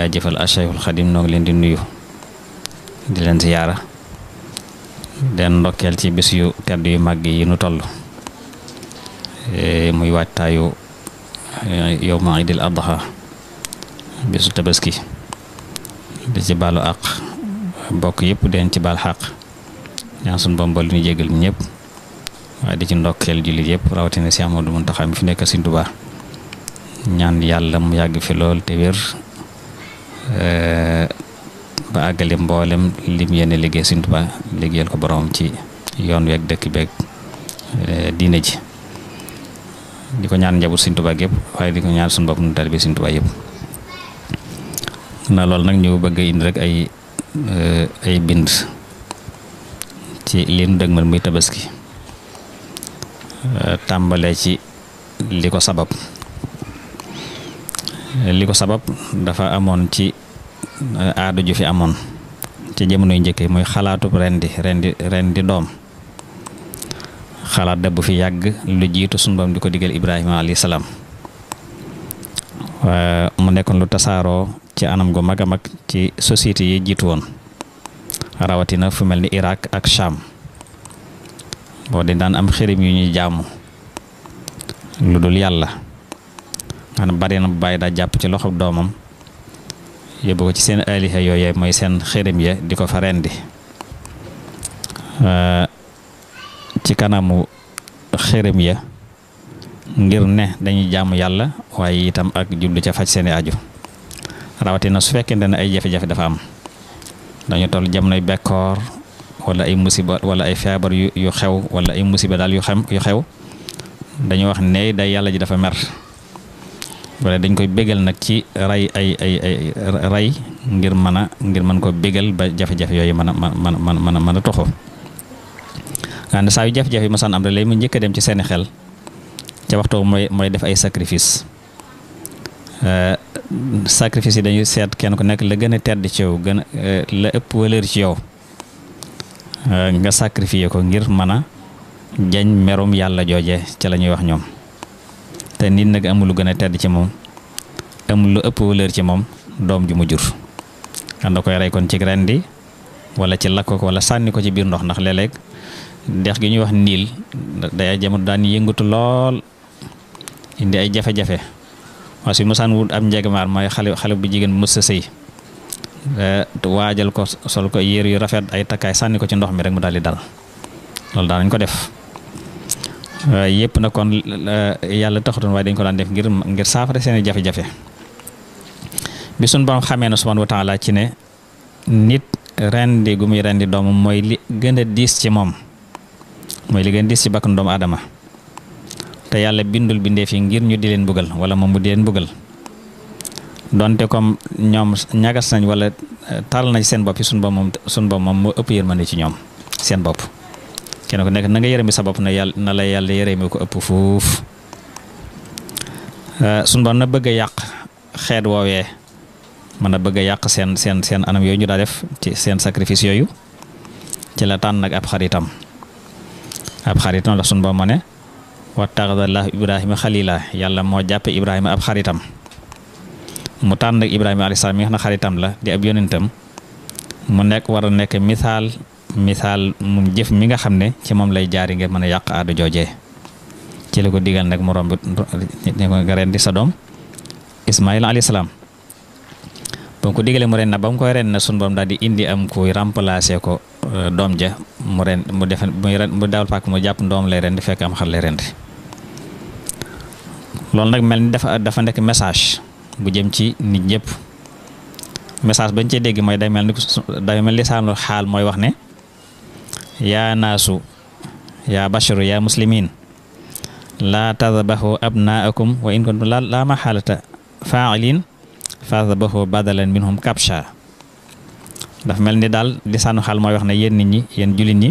jaajëfal Cheikhul Xadim noo ngi leen di nuyu di leen ziyaara den ndokkeel ci bis yu tedd yu màgg yi nu toll eh, muy waajtaayu eh, yow ma idil adha bisu tabaski di ci baalu àq bokk yëpp den ci baal xaq ñaan suñu bombal li ñu jégal ñëpp waaye di ci ndokkeel jullit yëpp rawatina si Amadou Muntaxa mi fi nekk si Tuubaa ñaan yàlla mu yàgg fi te wér ba àggale mboolem lim yenn liggéey sintuba Tuubaa liggéeyal ko boroom ci yoon weeg dëkk beeg eh, diine ji di ko ñaan njaboot Sëriñ Tuubaa yëpp waaye di ko ñaan suñu bopp nu taalibe Sëriñ Tuubaa yëpp na loolu nag ñu bëgg indi rek ay eh, ay bind ci li nu dëgmal muy tabaski eh, tàmbalee ci li ko sabab li ko sabab dafa amoon ci eh, aada ju fi amoon ci jamono yu njëkk muy xalaatu rendi rendi doom xalaat da bu fi yàgg lu jiitu sunu di ko digal Ibrahima alayhi salaam eh, mu nekkoon lu tasaaroo ci anam gu mag a mag ci société yi jiitu woon rawatina fu mel ni Irak ak Sham boo di daan am xërim yu ñuy jaamu lu dul yàlla nga xam ne bare na bu bàyyi daa jàpp ci loxo doomam yóbbu ko ci seen aliha yooyee mooy seen xërëm ya di ko fa rendi euh, ci kanamu xërëm ya ngir ne dañuy jaamu yàlla waaye itam ak jublu ca faj seeni aju rawatina su fekkente ne ay jafe-jafe dafa am dañu toll jamonoy bekkoor wala ay musiba wala ay feebar yu xew wala ay musiba daal yu xam xew dañu wax ne day yàlla ji dafa mer wala dañ koy bégal nag ci ray ay ay ray ngir mën a ngir mën ko bégal ba jafe-jafe yooyu mën a mën mën mën a mën a toxoo nga ne saa yu jafe-jafe yi masaan am rek lay mu njëkk a dem ci seeni xel ca waxtu mooy mooy def ay sacrifice sacrifice yi dañuy seet kenn ku nekk la gën a tedd ci yow gën a la ëpp valeur ci yow nga sacrifier ko ngir mën a jañ merum yàlla jooje ca la ñuy wax ñoom te nit nag amul lu gën a tedd ci moom amul lu ëpp valeur ci moom doom ju mu jur xam na koy rey kon ci rendi wala ci lakk ko wala sànni ko ci biir ndox ndax léeg-léeg dex gi ñuy wax niil day jamono daan yëngatu lool indi ay jafe-jafe waa si mosaan wut am njegmaar mooy xale xale bu jigéen mës a sëy waajal ko sol ko yére yu rafet ay takkaay sànni ko ci ndox mi rek mu daal di dal loolu daanañ ko def Euh, yëpp na kon euh, yàlla taxutoon waaye dañ ko daan def ngir ngir saafara seen jafe-jafe bi suñ borom xamee na subhanahu wa taala ci ne nit rendi gu muy rendi doomam mooy li gën diis ci moom mooy li gën a diis ci bakkan doomu aadama te yàlla bindul bindeef yi ngir ñu di leen bëggal wala moom mu di leen bëggal donte comme ñoom ñagas nañ wala euh, taral nañ seen bopp yi suñ bopp moom suñ bopp moom moo ëpp yërmande ci ñoom seen bopp kenn ku nekk na nga yërëmi sa bopp na yàlla na la yàlla yërëmi ko ëpp fuuf eh, suñu ba na bëgg yàq xeet woowee mën a bëgg yàq seen seen seen anam yooyu ñu daa def ci seen sacrifice yooyu ci la tànn nag ab xaritam ab xaritam la suñu ba ma ne wattaxadallahu ibrahima xalila yàlla moo jàppe ibrahima ab xaritam mu tànn nag ibrahima alayhi salaam mi xaritam la di ab yonentam mu nekk war nekk misaal misaal mu jëf mi nga xam ne ci moom lay jaari nga mën a yàq aada joojee ci la ko digal nag mu romb ne ko nga rendi sa doom Ismaïla alayhi salaam ba mu ko digalee mu ren na ba koy ren na daal di indi am kuy remplacer ko euh, doom ja mu ren mu def muy ren mu daawal jàpp doom lay ren di fekk am xar lay ren nag mel ni dafa dafa nekk message bu jëm ci nit ñëpp message bañ cee dégg mooy day mel ni day xaal mooy wax ne. yaa naasu yaa basharu yaa muslimin laa tadbahu abnaakum wa in kuntum laa maxaalata faa'ilin fadbahu badalan minhum kabsha dafa mel ni daal di sànnu xal mooy wax na yéen nit ñi yéen jullit ñi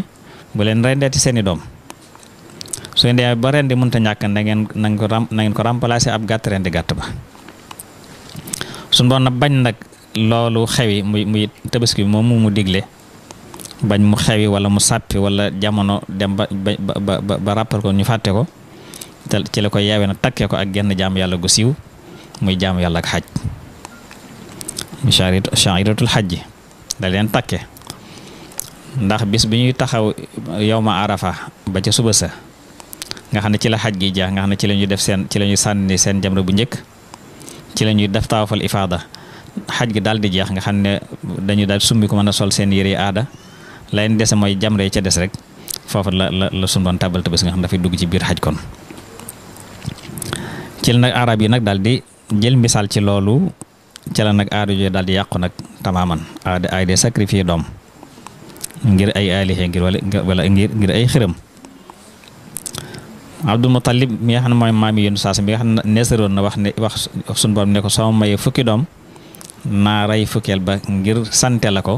bu leen rendeeti seeni doom su ngeen demee ba rendi mënta ñàkk na ngeen na ko na ko remplacer ab gàtt rendi gàtt ba su doon na bañ nag loolu xewi mu muy tabaski bi moom mu digle bañ mu xewi wala mu sàppi walla jamono dem ba ba ba ba ko ñu fàtte ko te ci la ko yeewee na takkee ko ak genn jaam yàlla gu siiw muy jaam yàlla ak xaj sha'iratul xaj da leen takke ndax bis bi ñuy taxaw yow ma arafa ba ca suba sa nga xam ne ci la xaj gi jeex nga xam ne ci la ñuy def seen ci la ñuy sànni seen jamra bu njëkk ci la ñuy def tawaafal ifaada xaj gi daal di jeex nga xam ne dañu daal summi man mën a sol seen yére aada leen dese mooy jamre ca des rek foofu la la la sunu doon nga xam dafay dugg ci biir xaj kon ci la nag arab yi nag daal di jël misaal ci loolu ci nag aada jooju di yàqu nag tamaaman aada ay sacrifier doom ngir ay alixe ngir wala wala ngir ngir ay xërëm Abdul Mutalib mi nga xam ne mooy maam yi yéen saas mi nga xam ne neesaroon na wax ne wax sunu borom ne ko soo mayee fukki doom naa rey fukkeel ba ngir sante la ko.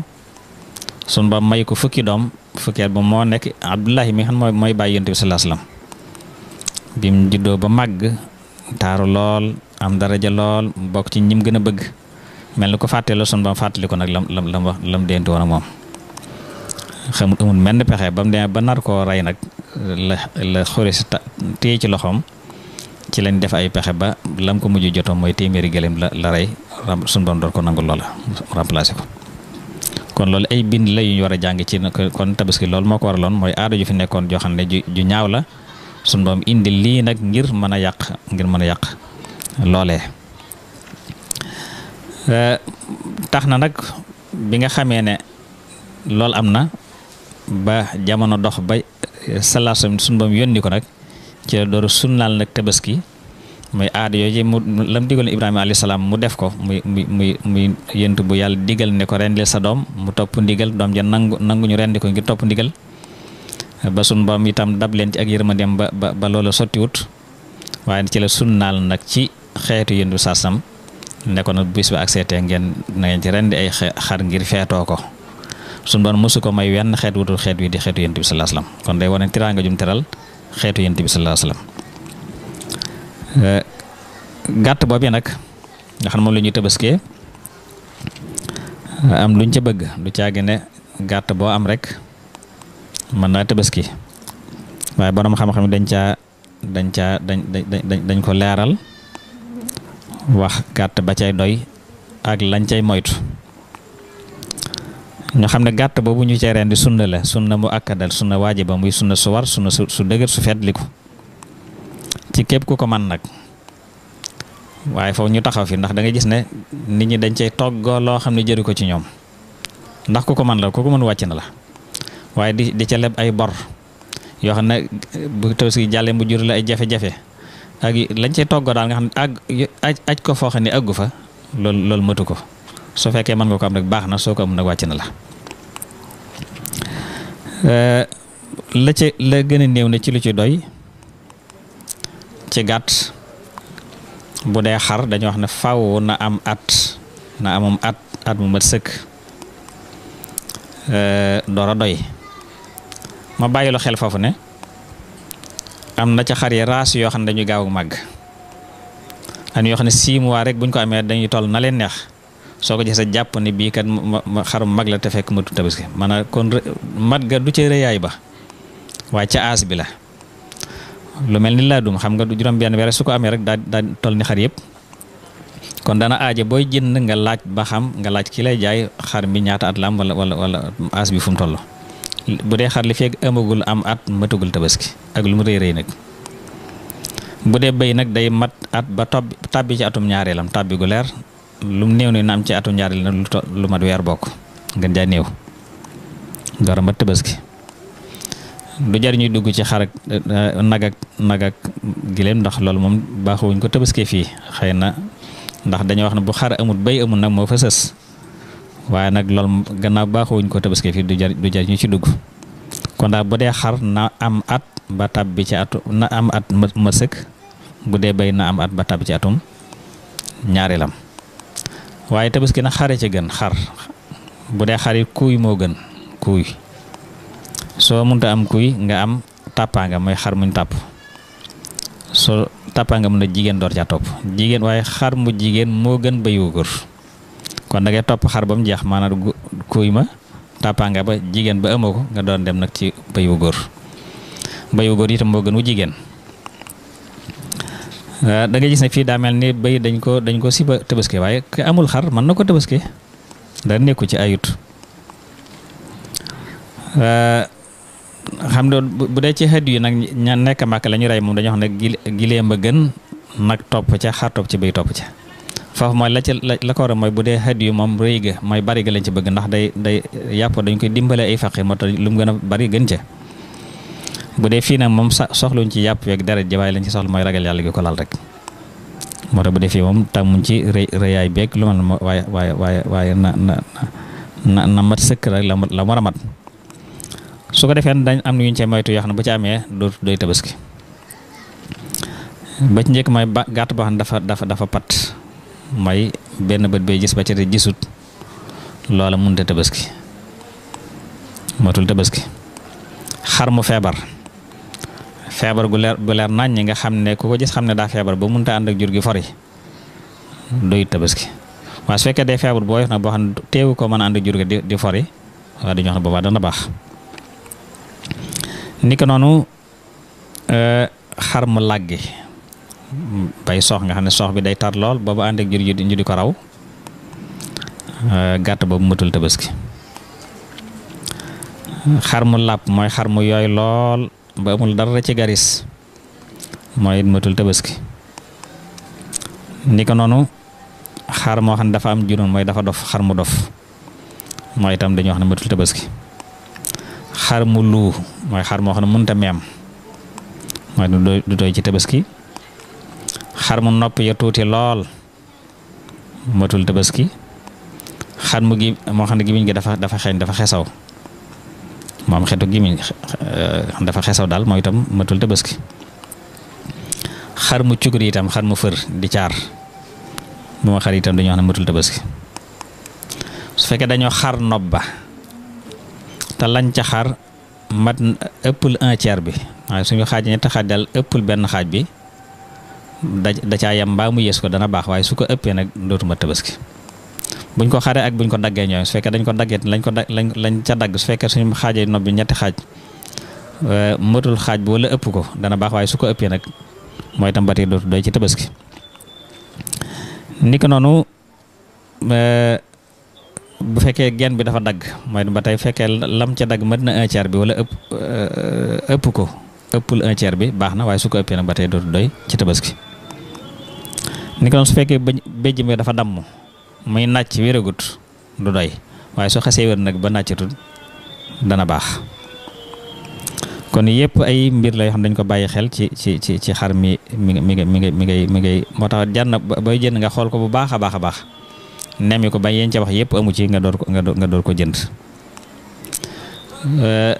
sun ba may ko fukki doom fukki ba moo nekk Abdullahi mi xam mooy mooy bàyyi yonent bi sallallahu alayhi wasallam bim juddoo ba màgg taaru lool am daraja lool mbokk ci ñim gën a bëgg mel ni ko fàttee la sun ba fàttali ko nag lam lam lam wax lam dénti woon ak moom xamul amul pexe ba demee ba nar koo rey nag la la xuri si téye ci loxoom ci lañ def ay pexe ba lam ko mujj jotoom mooy téeméeri gëléem la la rey sun ba door ko nangu loola remplacé ko kon loolu ay bind la yu ñu war a jàng ci kon tabaski loolu moo ko waraloon mooy aada ju fi nekkoon joo xam ne ju ju ñaaw la suñ doom indi lii nag ngir mën a yàq ngir mën a yàq loolee. tax na nag bi nga xamee ne loolu am na ba jamono dox ba salaasam suñ doom yónni ko nag ci la door sunnaal nag tabaski. muy aada yooyu mu lam digaloon Ibrahima alayhi salaam mu def ko muy muy muy muy yent bu yàlla digal ne ko rendil sa doom mu topp ndigal doom ja nangu nangu ñu rendi ko ngir topp ndigal ba sun boom itam dab leen ci ak yërmandeem ba ba ba loola sottiwut waaye ci la sunnaal nag ci xeetu yëndu saasam ne ko nag bis ba ak seetee ngeen na ngeen ci rendi ay xar ngir feetoo ko sun boom mosu ko may wenn xeet wutul xeet wi di xeetu yënt bi salaa salaam kon day wane tiraanga jum teral xeetu yënt bi salaa salaam Euh, gàtt boobu nag nga xam moom la ñuy tabaskee euh, am luñ ca bëgg du caagi ne gàtt boo am rek mën naa tabaski waaye borom xam dañ caa dañ caa dañ dañ ko leeral wax gàtt ba cay doy ak lañ cay moytu ñu xam ne gàtt boobu ñu cay rendi sunna la sunna mu akkadal sunna waajiba muy sunna su war su dëgër su feddliku ci képp ku ko man nag waaye foofu ñu taxaw fi ndax dangay gis ne nit ñi dañ cey togg loo xam ne jëru ko ci ñoom ndax ku ko man la ku ko mën wàcc na la waaye di di ca leb ay bor yoo xam ne bu si jàllee mu jur la ay jafe-jafe ak lañ cey toggoo daal nga xam ne aj aj ko foo xam ne aggu fa loolu matu ko su fekkee man nga ko am rek baax na soo ko am nag wàcc na la la ca la gën a néew ne ci lu ci doy ci gàtt bu dee xar dañuy wax ne faw na am at na amum at at mu mat sëkk door doy ma bàyyi lu xel foofu ne am na ca xar yi raas yoo xam ne dañuy gaaw màgg am yoo xam ne six mois rek buñ ko amee dañuy toll nale leen neex soo ko gisee jàpp ni bii kat xarum mag la te fekk matu tabaski maanaam kon mat ga du ca rëyaay ba waaye ca as bi la lu mel ni laadum xam nga du juróom-benn weer su ko amee rek daa daa toll ni xar yëpp kon dana aaje booy jënd nga laaj ba xam nga laaj ki lay jaay xar mi ñaata at la am wala wala wala as bi fu mu toll bu dee xar li feeg amagul am at matagul tabaski ak lu mu rëy rëy nag bu dee béy nag day mat at ba tob tàbbi ci atum ñaareelam tàbbi gu leer lu mu néew ne ci atum ñaareel lu mat weer bokk nga jaay néew door a mat tabaski du jariñu dugg ci xar nagak nagak ak eh, giléem ndax loolu moom baaxuwuñ ko tabaskee fii xëy na ndax dañoo wax ne bu xar amut bay amut nag moo fa sës waaye nag lool gannaaw baaxuwuñ ko tabaskee fii du jar du jariñu ci dugg kon daal bu dee xar na am at ba tab bi ci na am at ma bu dee bay na am at ba tab ci atum ñaareelam waaye tabaski na xare ci gën xar bu dee xar yi kuuy moo gën kuuy soo mënta am kuy nga am tàppaanga mooy xar muñ tàpp soo tàppaanga mën a jigéen door caa topp jigéen waaye xar mu jigéen moo gën bay wu góor kon da topp xar ba mu jeex maanaam kuy ma tàppaanga ba jigéen ba ëmma ko nga doon dem nag ci baywu wu góor bay wu góor itam moo gën wu jigéen ah, da nga gis ne fii daa mel ni bay dañ ko dañ ko siba tëbaske waaye ku amul xar mën na koo tëbaske da nekku ci ayut ah, xam nga bu dee ci xeet yi nag ña nekk màkk lañu ñu rey moom dañu wax ne gileem ba gën nag topp ca xar topp ci bëy topp ca foofu mooy la ca la ko mooy bu dee xeet yu moom rëy ga mooy lañ ci bëgg ndax day day yàpp dañ koy dimbale ay faqi moo lu mu gën a bari gën ca bu dee fii nag moom soxluñ ci yàpp yeeg deret ji waaye lañ ci soxla mooy ragal yàlla gi ko laal rek moo tax bu dee fii moom tàmmuñ ci rëy rëyaay beeg lu ma waaye waaye waaye waaye na na na mat sëkk rek la war a mat su ko defee dañ am na ñu cee moytu yoo xam ne ci amee dootu doy tabaski ba ci njëkk mooy ba gàtt boo xam ne dafa dafa dafa pat may benn bët bay gis ba ci jisut loola mënut a tabaski matul tabaski xar mu feebar feebar gu leer gu leer nañ ñi nga xam ne ku ko gis xam ne daa feebar ba mënut a ànd ak jur gi fori doyut tabaski waaye su fekkee day feebar boo yor nag boo xam ne ko mën a ànd ak jur gi di di fori waaye dañoo xam ne boobaa dana baax. ni ko noonu euh, xar mu làggi bay soox nga xam ne soox bi day tar lool boobu ànd ak jur ji ñu ko raw euh, gàtt boobu matul tabaski xar mu làpp mooy xar mu yooy lool ba amul dara ci garis mooy it matul tabaski ni noonu xar moo xam ne dafa am juróom mooy dafa dof xar mu dof mooy itam dañu wax ne matul tabaski xar mu luu mooy xar moo xam ne mënta meem mooy du doy ci tabaski xar mu nopp ya tuuti lool matul tabaski xar mu gi moo xam ne gimiñ gi dafa dafa xeeñ dafa xesaw moom xetu gimiñ dafa xesaw daal mooy itam matul tabaski xar mu cukur itam xar mu fër di caar moo ma xar itam dañoo wax ne matul tabaski su fekkee dañoo xar nopp ba te lañ ca xar mat ëpp un tiers bi waaye suñu xaaj ñetti xaaj daal ëppul benn xaaj bi da da caa yem mbaa mu yées ko dana baax waaye su ko ëppee nag dootuma tabaski buñ ko xaree ak buñ ko daggee ñooy su fekkee dañ ko daggee lañ ko da lañ ca dagg su fekkee suñu xaajee nob bi ñetti xaaj euh, mëtul xaaj bi wala ëpp ko dana baax waaye su ko ëppee nag mooy tam ba dootu doy ci tabaski ni noonu euh, bu fekkee genn bi dafa dagg mooy ba tey fekkee lam ca dagg mën na un bi wala ëpp euh, ëpp ko ëppul un bi baax na waaye su ko ëppee nag ba tey dootu doy ci tabaski ni ko su fekkee béjj mi dafa damm muy nàcc wéragut du doy waaye su xasee wér nag ba nàccatul dana baax kon yëpp ay mbir la yoo xam dañ ko bàyyi xel ci ci ci ci xar mi mi mi mi mi ngay mi ngay moo tax jànn booy jënd nga xool ko bu baax a baax a baax nemi ko ba yeen ca wax yëpp amu ci nga door ko nga door ko jënd euh,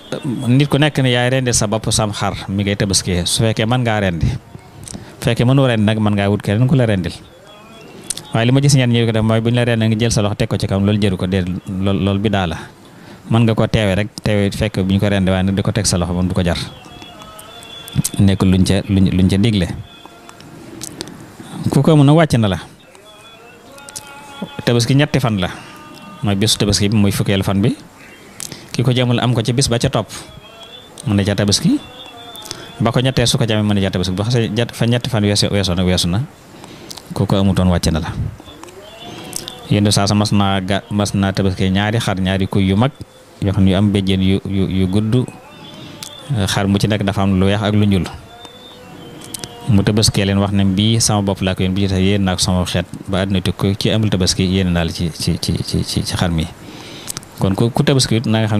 nit ku nekk na yaay rendi sa bopp sam xar mi ngay tabaskee su fekkee mën ngaa rendi bu fekkee mënoo rendi nag mën ngaa wut keneen ku la rendil waaye li ma gis ñenn ñi ko def mooy bu ñu nga jël sa loxo teg ko ci kam loolu jëru ko dee lool loolu bi daa la nga ko teewee rek teewee fekk bu ñu ko rendi waaye nag di ko teg sa loxo moom du ko jar nekkul luñ ca luñ luñ ca digle ku ko mën a wàcc na la. tabaski ñetti fan la mooy bésu tabaski bi muy fukkeelu fan bi ki ko jamul am ko ci bis ba ca topp mën ne ca tabaski ba ko ñettee su ko jamee mën na caa tabaski ba xasee fa ñetti fan weesu weesu na weesu na kooku amutoon wàcc na la yéen saa sa mas naa ga mas naa tabaski ñaari xar ñaari kuy yu mag yoo xam ne yu am béjjén yu gudd xar mu ci nekk dafa am lu weex ak lu njul mu tabaskee leen wax ne bii sama bopp laa ko yéen bi ci tax yéen naa ko sama xeet ba àddina tukki ko ci amul tabaski yéen naa la ci ci ci ci ci xar mi kon ku ku tabaski it na nga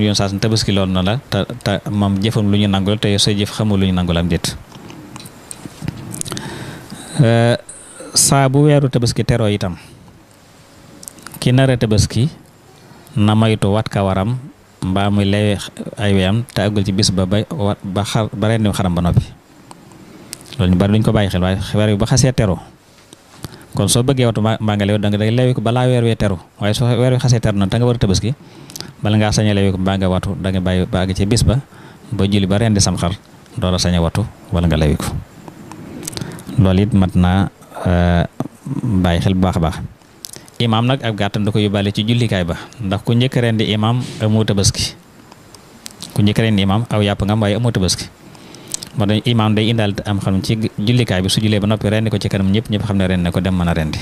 na la te te moom jëfam lu ñu nangul te sooy jëf xamul lu ñu nangul euh, bu weeru tabaski teroo itam ki nara tabaski na maytu wat ka mbaa mu lay ay weyam te àggul ci bis ba ba ba xar ba ren xaram ba noppi loolu ñu bari dañ ko bàyyi xel waaye xibaar yi ba xasee teru kon soo bëggee watu màggale da nga day lewi balaa weer wee teru waaye soo weer wi xasee teru na te nga war a tabaski bala ngaa sañ a lewi ko mbaa nga watu da nga bàyyi ba àgg ci bis ba ba julli ba rendi sam xar door a sañ wala nga lewi it mat naa euh, bàyyi xel bu baax a baax imaam nag ab gàttam da ko yóbbaale ci jullikaay ba ndax ku njëkk rendi imaam amoo tabaski ku njëkk rendi imaam aw yàpp nga am waaye amoo tabaski moo dañ imaam day indaal am xam ci jullikaay bi su jullee ba noppi rendi ko ci kanam ñëpp ñëpp xam ne rendi na ko dem mën a rendi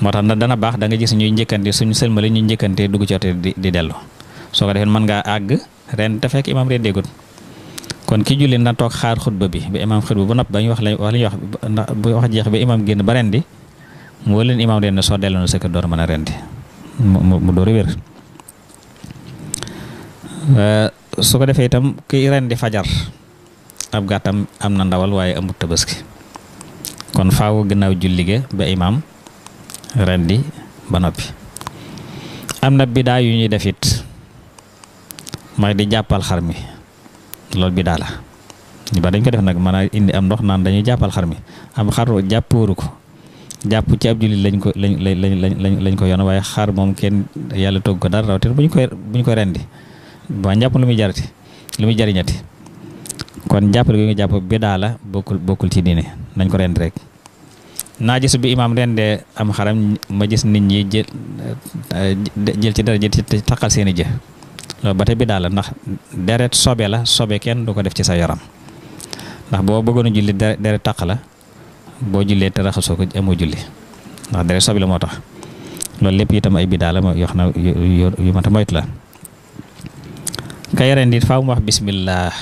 moo tax dana baax da nga gis ñuy njëkkante suñu sëlmale ñuy njëkkante dugg ci oto di di soo ko mën ngaa àgg ren te fekk imaam rendeegut kon ki julli na toog xaar xutba bi ba imaam xutba bu ba ñu wax la wax li ñuy wax ndax bu wax jeex ba imaam génn ba rendi moo leen imaam ren soo dellu na sa kër door man a rendi mu mu door a wér su ko defee itam ki rendi fajar. ab gàttam am na ndawal waaye amut tabaski kon faaw gannaaw jullige ba imaam rendi ba noppi am na bidaa yu ñuy def it mooy di jàppal xar mi loolu bidaa la ñu ba dañ ko def nag mën a indi am ndox naan dañuy jàppal xar mi am xar jàppóoru ko jàpp ci ab jullit lañ ko lañ lañ lañ lañ ko yoon waaye xar moom kenn yàlla togg ko dara rawatina bu ñu koy bu ñu koy rendi ba njàpp lu muy jarati lu muy jariñati kon jàppale gi nga jàpp bidaa la bokkul bokkul ci diine nañ ko rend rek naa gis bi imaam de am xaram ma gis nit ñi jël eh, jël ci dara jël ci taqal seeni i jë loolu ba tey bidaa ndax deret sobe la sobe kenn du ko def ci sa yaram ndax boo bëggoon a julli deret taq la boo jullee te raxasoo ko amoo julli ndax deret sobe la moo tax loolu lépp itam ay bidaa moo yoo xam ne yu mat a moytu la ka yareen dit faaw wax bismillah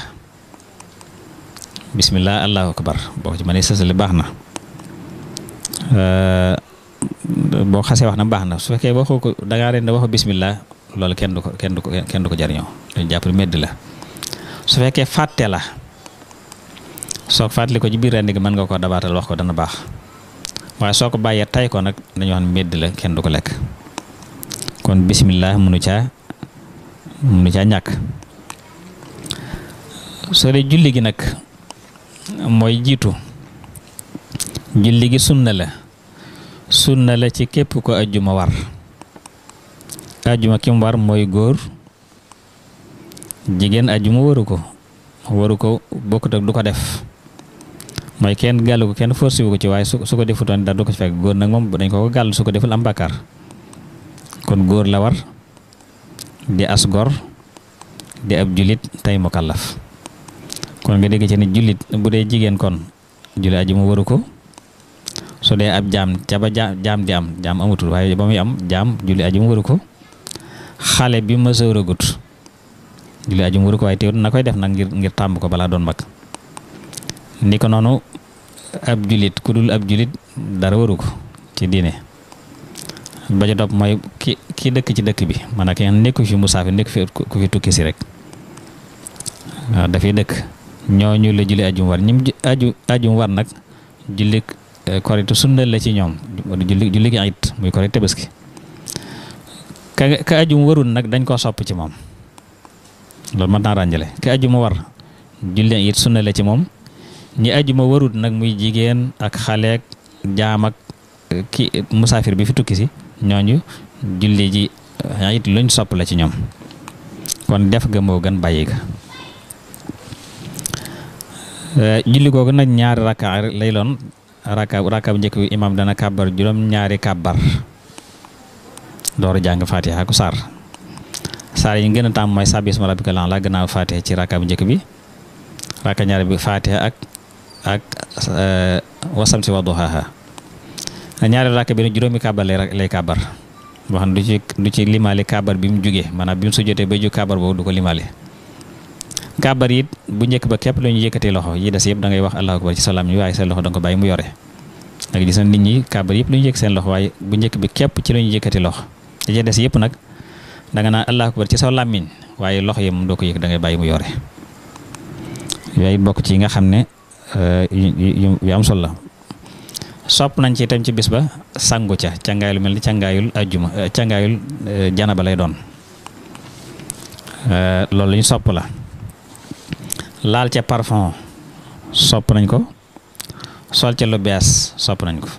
bisimilah allahu akbar boo ci mënee sësale baax na boo xasee wax na baax na su fekkee waxoo ko da ngaa ren waxu bisimilah loolu kenn du ko kenn du ko kenn du ko jariñoo dañu jàpp medd la su fekkee fàtte la soo fàttali ko ci biir rendi mën nga koo dabaatal wax ko dana baax waaye soo ko bàyyee tay ko nag dañu wax medd la kenn du ko lekk kon bisimilah munu caa munu caa ñàkk soo dee julli gi nag. mooy jiitu julli gi sunna la sunna la ci képp ko ajjuma war ajjuma kim war mooy góor jigéen ajjuma waru ko waru ko bokkut ak du ko def mooy kenn gàllu ko kenn forcé wu ko ci waaye su ko defutoon dara du ko fekk góor nag moom dañ ko ko gàll su ko deful am bàkkaar kon góor la war di asgor gor di ab julit tey mukallaf kon nga dégg ci ne jullit bu dee jigéen kon julli aji mu waru su dee ab jaam ca ba jaam di am jaam amatul waaye ba muy am jaam julli aji mu waru xale bi ma sóoragut julli aji mu waaye teewul na koy def nag ngir ngir tàmb ko balaa doon mag ni noonu ab jullit ku dul ab jullit dara waru ko ci diine ba ca topp mooy ki ki dëkk ci dëkk bi maanaam ki nekku fi musaafir nekku fi fi tukki si rek waaw dafay dëkk ñoo ñu la julli ajum war ñim aju ajum war nag julli eh, korite sunnal la ci ñoom julli julli gi it muy korite tabaski ka ka ajum warul nag dañ koo sopp ci moom loolu mën naa ràññale ka ajuma war julli it sunnal la ci moom ñi ajuma warut nag muy jigéen ak xaleek jaam ak eh, ki musaafir bi fi tukki si ñooñu julli ji eh, it luñ sopp la ci ñoom kon def ga moo gën bàyyi ga Eh, julli googu na ñaari rakka lay loon rakka rakka bu njëkk bi imaam dana kàbbar juróom ñaari kàbbar door jàng faate ku saar saar yi ñu gën a tàmm mooy sabbi isma laa a'la gannaaw fatiha ci rakka bu njëkk bi rakka ñaari bi fatiha ak ak wasamsi eh, wa duhaaha ñaari rakka bi nag juróomi kàbbar lay lay kàbbar xam du ci du ci limaale kàbbar bi mu jugee maanaam bi mu sujjotee ba jug kàbbar boobu du ko limaale kàbbar it bu njëkk ba képp lu ñu yëkkatee loxo yi des yëpp dangay wax allahu akbar ci salaam yi waaye seen loxo da nga ko bàyyi mu yore da nit ñi kàbbar yëpp lu ñu yëkk seen loxo bu njëkk bi képp ci lu ñu loxo da des yëpp nag da nga naan allahu ci sa làmmiñ waaye loxo yi moom ko yëg da ngay bàyyi mu yore bokk ci yi nga xam ne eh, yu am solo la sopp nañ ci itam ci bis ba sangu ca càngaayul mel ni càngaayul ajjuma eh, eh, jana ba lay doon loolu ñu sopp la laal ca parfum sopp nañ ko sol ca lu bees sopp nañ ko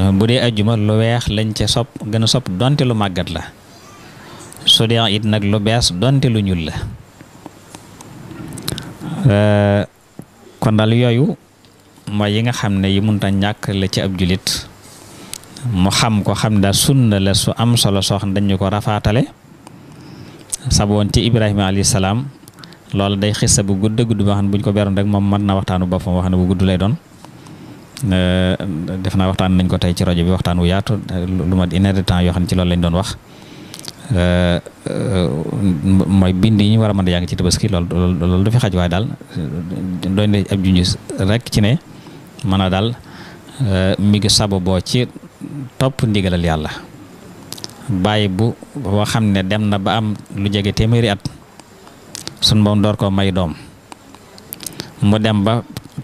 euh, bu dee ajjuma lu weex lañ ce sopp gën a sopp donte lu màggat la su dee it nag lu bees donte lu ñuul la euh, kon dal yooyu mooy yi nga xam ne yi munta ñàkk la ci ab julit mu xam ko xam daa sunna la su am solo soo xam dañu ko rafaatale saboon ci Ibrahima alayhi salaam loolu day xissa bu gudd gudd boo xam ne bu ñu ko beroon rek moom mën na waxtaanu boppam wax ne bu gudd lay doon euh, def naa waxtaan nañ ko tey ci rajo bi waxtaan wu yaatu lu mat une heure de temps yoo xam ne ci loolu lañ doon euh, euh, yi ñu war a mën a jàng ci tabaski loolu loolu du fi xaj waaye daal doy na ab junj rek ci ne mën a daal mi ngi ci topp ndigalal yàlla bàyyi bu boo xam ne dem na ba am lu jege téeméeri at. sun boom door koo may doom mu dem ba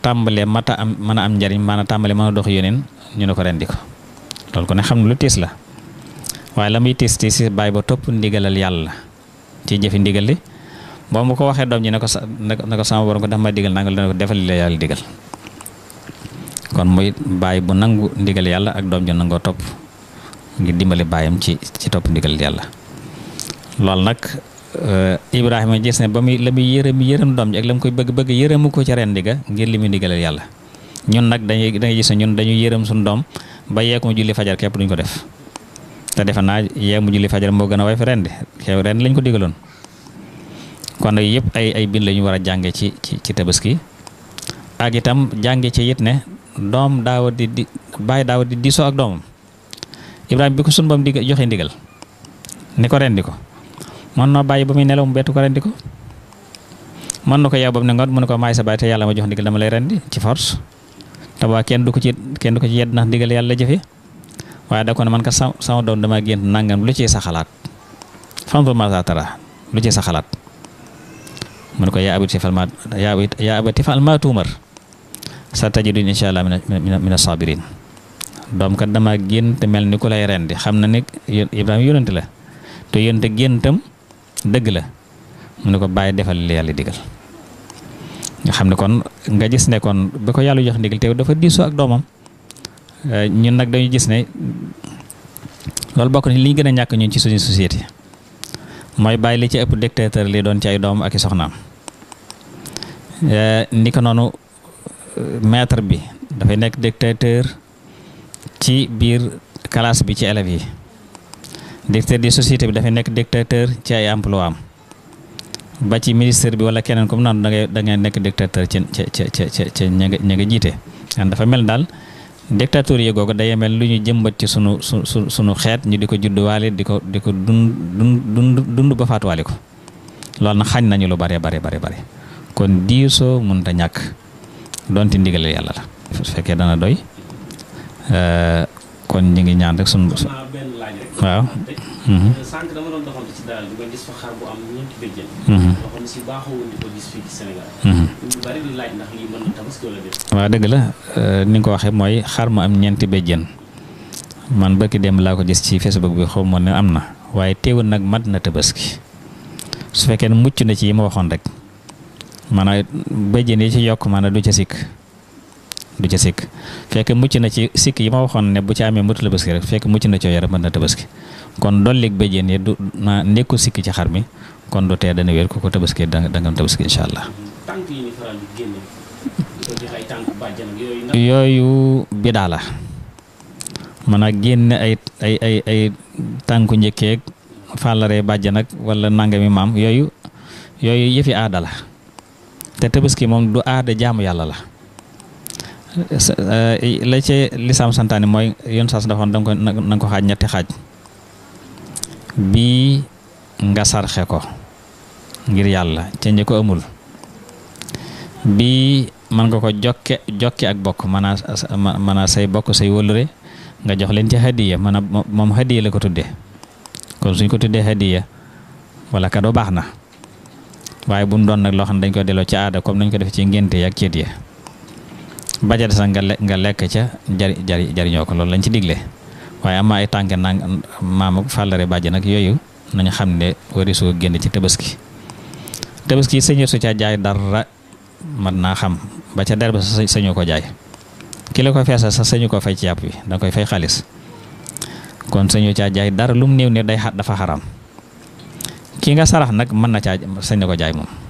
tàmbalee mata am mën am njariñ maanaam tàmbalee mën a dox yeneen ñu ne ko rendi ko loolu ko ne xam ne lu tiis la waaye la muy tiis tiis baay ba topp ndigalal yàlla ci jëfi ndigal li boo mu ko waxee doom ji ne ko sa ne ko sama borom ko def ma digal nangal dana ko defal li la yàlla digal kon muy bàyyi bu nangu ndigal yàlla ak doom ji nangoo topp ngir dimbali baayam ci ci topp ndigal yàlla loolu nag Euh, Ibrahima gis ne ba muy la muy yërëm yërëm doom ji ak la mu koy bëgg bëgg yërëmu ko ca ren di ga ngir li muy ndigalal yàlla ñun nag dañuy da ngay gis ne ñun dañuy yërëm suñu doom ba yeeku mu julli fajar képp duñ ko def te defe naa yee mu julli fajar moo gën a way fi ren xew ren lañ ko digaloon kon nag yëpp ay ay bind lañu ñu war a jànge ci ci ci tabaski ak itam jànge ci it ne doom daaw di di bàyyi daaw di diisoo ak doomam Ibrahima bi ko sunu bam di ko ren di mën na bàyyi ba muy nelaw mu bettu ko rendi ko mën na ko yow bam ne ngoon mu ko maay sa baay te yàlla ma jox ndigal dama lay rendi ci force te waa kenn du ko ci kenn du ci yedd na ndigal yàlla jëfe waaye da ko man ka sama sama doom dama génn nangam lu ci sa xalaat fanzur maa lu ci sa xalaat mu ne ko yaa abati fal ma yaa yaa abati fal ma tuumar sa tajidun incha allah doom kat dama gént mel ni ku lay rendi xam na ni Ibrahima yónante la te yónante géntam dëgg la mu ne ko bàyyi defal li yàlla digal nga xam ne kon nga gis ne kon ba ko yàlla jox ndigal teew dafa diisoo ak doomam eh, ñun nag dañu gis ne loolu bokk na li ñu gën a ñàkk ñun ci suñu société mooy bàyyi li ci ëpp dictateur li doon ci ay doom ak i soxnaam eh, ni noonu eh, maître bi dafay nekk dictateur ci biir classe bi ci élèves yi directeur di sociétés bi dafa nekk dictateur ci ay emploi am ba ci ministère bi wala keneen comme naan da ngay da ngay nekk dictateur ci ca ca ca ca ña nga ña nga jiite. dafa mel daal dictateur yi googu day mel lu ñu jëmbat ci sunu su sunu xeet ñu di ko judduwaale di ko di ko dund dund dund ba faatuwaale ko loolu na xañ nañu lu bare bare bare bare kon soo mënut a ñàkk donte ndigal yàlla la. su fekkee dana doy euh, kon ñu ngi ñaan rek sunu. Mm-hmm. Euh, mm-hmm. mm-hmm. waaw. dëgg la euh, ni nga ko waxee mooy xar mu am ñeenti béjjën man barki dem laa ko gis ci Facebook bi xaw ma ne am na waaye teewul nag mat na tabaski su fekkee mucc na ci yi ma waxoon rek maanaam béjjën yi ci yokk maanaam du ca sikk. du ca sikk fekk mucc na ci sikk yi ma waxoon ne bu ci amee mu tabaski rek fekk mucc na ci yara mën na tabaski kon dollik béjjéen yi du na nekkul sikk ci xar mi kon du tee dana wér ko ko tabaski da nga tabaski allah. yooyu bidaa la man a génne ay ay ay ay tànku njëkkeeg fàllaree bàjjan ak wala nangami maam yooyu yëfi aada la te tabaski moom du aada jaamu yàlla la Eh, la ci lislaam santaani mooy yoon saas dafa da nga ko na ko xaaj ñetti xaaj bii nga sarxe ko ngir yàlla ca ñi ko amul bii man nga ko jokke jokke ak bokk maanaa maanaa say bokk say wëlure nga jox leen ci hadiya maanaam moom hadiya la ko tuddee kon suñ ko tuddee hadiya wala kado baax na waaye bu mu doon nag loo xam ne dañ ko delloo ci aada comme nañ ko def ci ngénte yi ak céet ya ba ca nga lekk ca jari jari jariñoo ko loolu lañ ci digle waaye am ay tànk nag maam ak fàllare bàjj nag yooyu nañu xam ne warisu génn ci tabaski tabaski sëñu su ca jaay dara mën naa xam ba ca der ba sa sëñu ko jaay ki la ko feesal sa sëñu ko fay ci yàpp wi da koy fay xaalis kon sëñu caa jaay dara lum néew ne day dafa xaram ki nga sarax nag mën na caa sëñ na ko jaay moom